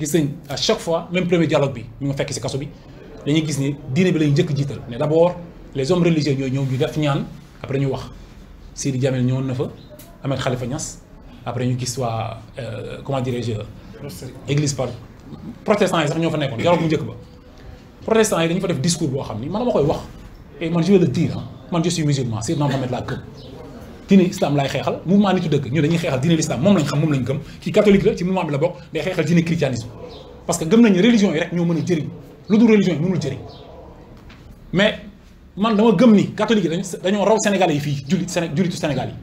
gis nañ à chaque fois même premier dialogue bi ñu nga fekk si kaso bi dañuy gis ni diine bi lañu njëkk jiital mais d' abord les hommes religieux ñooy ñëw ñu def ñaan après ñu wax Sidi Diamel ñëwoon na fa Ahmed Khalifa Niass après ñu gis waa euh, comment dirais-je église par protestant yi sax ñoo fa nekkoon dialogue bu njëkk ba protestant yi dañu fa def discours boo xam ni man ma koy wax et man je vais le dire ah man je suis musulman Seydina Mohamed la gëm Dîner islam laay xeexal mouvement nitu dëgg ñu dañuy xeexal diine l'islam moom lañ xam moom lañ gëm kii catholique la ci mouvement bi la bokk day xeexal diine christianisme parce que gëm nañu religion yi rek ñoo mën a jëriñ religion nous nous jëriñ mais man dama gëm ni catholique yi dañoo raw sénégalais yi fii jullit Séné jullitu Sénégal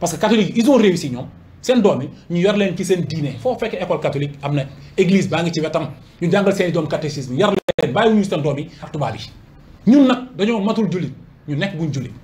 parce que catholique ils ont réussi ñoom seen doom yi ñu yor leen ci seen faut faire que école catholique am na église baa ngi ci wetam ñu jàngal seen i doom catéchisme yar leen bàyyiwuñu seen doom yi ak tubaab yi ñun nag dañoo matul jullit ñu nekk buñ jullit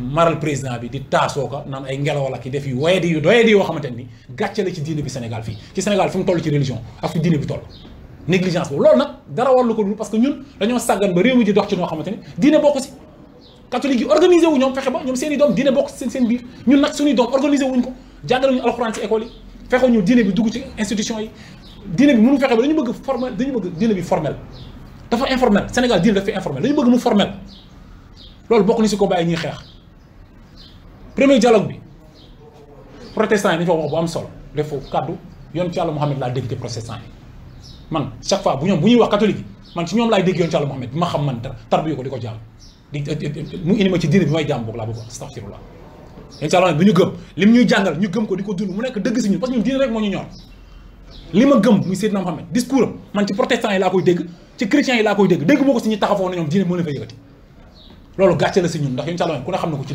maral président bi di taasoo ko naan ay ngelaw la ki def yu waye di yu doye di yoo xamante la ci diine bi Sénégal fi ci Sénégal fu mu tollu ci religion ak fi diine bi toll négligence boobu loolu nag dara warlu ko dul parce que ñun dañu sàggan ba réew mi di dox ci noo xamante ni diine bokk ci catholique yi organisé wu ñom fexé ba ñom seeni doom diine bokk seen seen biir ñun nak suñu doom organisé wuñ ko jàngale ñu alcorane ci école yi fexe ñu diine bi dugg ci institution yi diine bi mënu fexé ba dañu bëgg formel dañu bëgg diine bi formel dafa informel Sénégal diine dafa informel dañu bëgg mu formel loolu bokk ni ci combat yi ñuy xeex premier dialogue bi protestant yi dañu fa wax bu am solo def foofu kàddu yoon ci yàlla Mouhamed laa dégg te protestant yi man chaque fois bu ñoom bu ñuy wax catholique yi man ci ñoom laay dégg yoon ci yàlla Mouhamed bi ma xam man tarbiyo ko di ko jàll mu indi ma ci diine bi may jàmm boog laa bëgg astaghfirullah yoon ci bi ñu gëm lim ñuy jàngal ñu gëm ko di ko dund nekk dëgg si ñun parce que ñun diine moo ñu ñor ma gëm muy Seydina Mouhamed discours am man ci protestant yi laa koy dégg ci chrétiens yi laa koy dégg dégg moo ko si ñu taxafoon na ñoom diine ci yàlla ku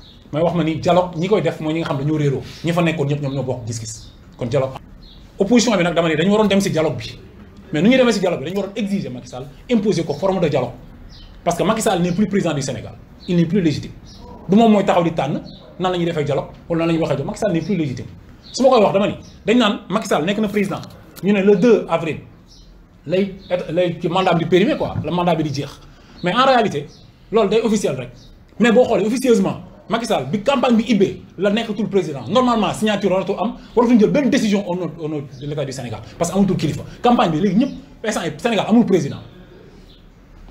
mais wax ma ni dialogue ñi koy def mooy ñi nga xam dañu réro ñi fa nekkoon ñëpp ñom ñoo bokk gis-gis kon dialogue opposition bi nak dama ni dañu waron dem ci dialogue bi mais nu ñuy démé ci dialogue bi dañu waron exiger Macky Sall imposer ko forme de dialogue parce que Macky Sall n'est plus président du Sénégal il n'est plus légitime du moom mooy taxaw di tànn nan la ñuy defee dialogue wala nan la ñuy Macky Sall n'est plus légitime suma koy wax dama ni dañ naan Macky Sall nek na président ñu né le 2 avril lay lay ci mandat bi périmé quoi le mandat bi di jeex mais en réalité loolu day officiel rek mais bo xolé officieusement Macky Sall bi campagne bi ibbee la nekkatul président normalement signature waratu am ñu jël ben décision au nom au de l'état du Sénégal parce que tout kilifa campagne bi léegi ñep instant yi Sénégal amul président.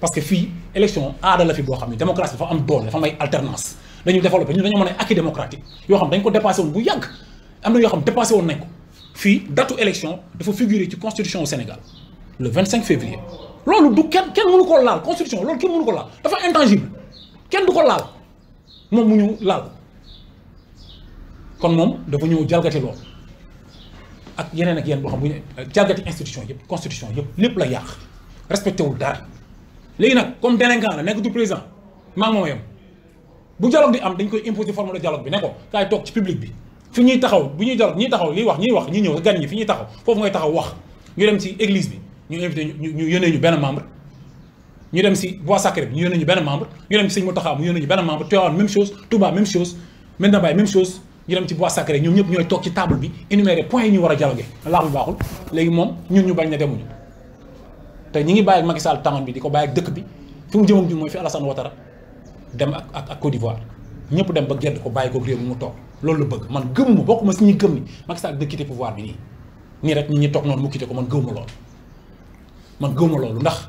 parce que fi élection da la fi bo xamni ne démocratie dafa am doole dafa am ay alternance dañu développer ñun dañoo mën a acquis démocratique yo xam dañ ko dépassé won bu yàgg am na yoo xam dépasser won nañ ko fi date élection dafa figurer ci constitution au Sénégal le 25 février. lolu du ken ken mënu ko laal constitution lolu kenn mënu ko laal dafa intangible ken du ko laal. moom mu ñëw laal kon moom dafa ñëw jalgati lool ak yeneen ak yeneen boo xam bu ñu jalgati institution yëpp constitution yëpp lépp la yàq respecté wul dara léegi nag comme délinquant la nekk du président maa moo yam bu dialogue di am dañ koy imposer forme de dialogue bi ne ko kaay toog ci public bi fi ñuy taxaw bu ñuy dialogue ñuy taxaw liy wax ñuy wax ñu ñëw gan ñi fi ñuy taxaw foofu ngay taxaw wax ñu dem ci église bi ñu invité ñu ñu yenee ñu benn membre ñu dem ci bois sacré ñu yonañu ñu benn membre ñu dem ci seigne moutakha mu yonañu ñu benn membre Tivaouane même chose Touba même chose menda bay même chose ñu dem ci bois sacré ñom ñep ñoy tok ci table bi énumérer point yi ñu wara a dialoguer laax bu baaxul léegi moom ñun ñu bañ ne demuñu tay ñi ngi bay ak Macky Sall tàngoon bi diko bay ak dëkk bi fu mu jëmam ñu moy fi Alassane Ouattara dem ak ak Côte d'Ivoire ñep dem ba gëdd ko bay ko réew mu tok loolu bëgg man gëm mu bokuma ci ñi gëm ni Macky Sall de quitter pouvoir bi ni ni rek ñi ñi toog noonu mu quitter ko man gëmuma lool man gëmuma lool ndax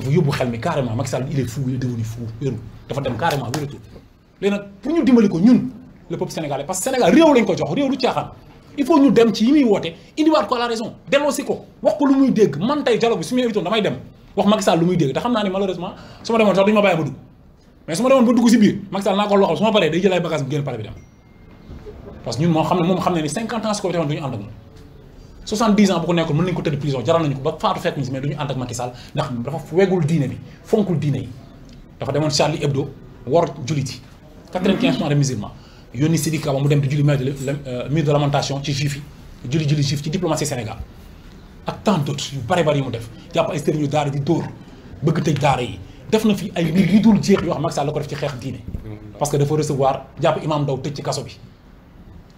dafa carrément Macky Sall il est fou il est devenu fou dafa dem carrément il est fou. pour ñu dimbali ko ñun le peuple sénégalais parce que Sénégal réew lañ ko jox de du il faut ñu dem ci yi muy nous, il ko à la raison delloosi ko wax ko lu muy dégg man tey dialogue bi su ma invité nous, dem wax Macky Sall lu muy dégg te xam ne malheureusement nous, sax mais nous, nous, si biir Macky Sall naa ko nous, su les day jël ay pas bi parce que nous, nous xam ne moom xam ne ni cinquante ans ko 70 ans pour prison, nous mën de prison jaral ko ba faatu fekk des mais du ñu ak Macky Sall ndax dafa avez fait bi fonkul de yi Charlie Hebdo 95 ans de musulmans Sidi Kaba mu dem des choses. Euh, de lamentation ci choses. yi julli julli ci diplomatie Sénégal ak tant d'autres vous avez mu def jàpp ay sëriñu daara di dóor bëgg tëj daara yi def na fi ay vous jeex Sall des def ci parce que dafa recevoir imam